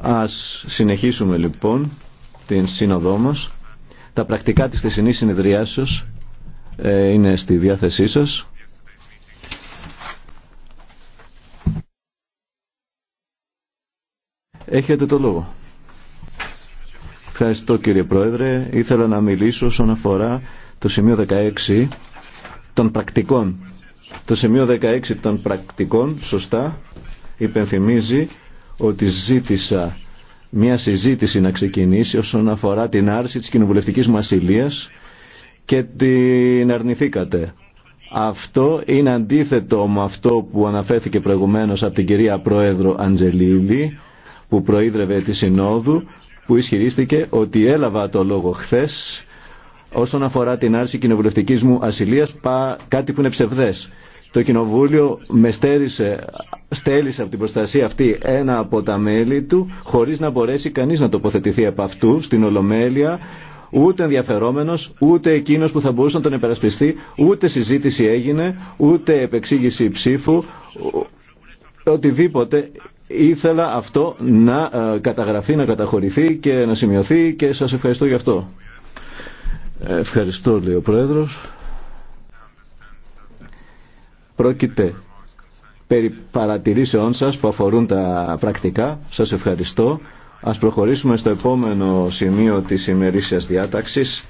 Ας συνεχίσουμε λοιπόν την σύνοδό μας. Τα πρακτικά της θεσινής συνεδριάσεως ε, είναι στη διάθεσή σας. Έχετε το λόγο. Ευχαριστώ κύριε Πρόεδρε. Ήθελα να μιλήσω όσον αφορά το σημείο 16 των πρακτικών. Το σημείο 16 των πρακτικών, σωστά, υπενθυμίζει ότι ζήτησα μια συζήτηση να ξεκινήσει όσον αφορά την άρση της κοινοβουλευτικής μου και την αρνηθήκατε. Αυτό είναι αντίθετο με αυτό που αναφέρθηκε προηγουμένως από την κυρία Πρόεδρο Αντζελίλη που προείδρευε τη Συνόδου που ισχυρίστηκε ότι έλαβα το λόγο χθες όσον αφορά την άρση κοινοβουλευτική μου ασυλίας κάτι που είναι ψευδές. Το Κοινοβούλιο με στέρισε στέλνει από την προστασία αυτή ένα από τα μέλη του χωρίς να μπορέσει κανείς να τοποθετηθεί από αυτού στην Ολομέλεια ούτε ενδιαφερόμενο, ούτε εκείνο που θα μπορούσε να τον υπερασπιστεί, ούτε συζήτηση έγινε, ούτε επεξήγηση ψήφου, οτιδήποτε ήθελα αυτό να ε, καταγραφεί, να καταχωρηθεί και να σημειωθεί και σας ευχαριστώ γι' αυτό. Ευχαριστώ λέει ο Πρόεδρος. Πρόκειται περί παρατηρήσεών σας που αφορούν τα πρακτικά. Σας ευχαριστώ. Ας προχωρήσουμε στο επόμενο σημείο της ημερήσιας διάταξης.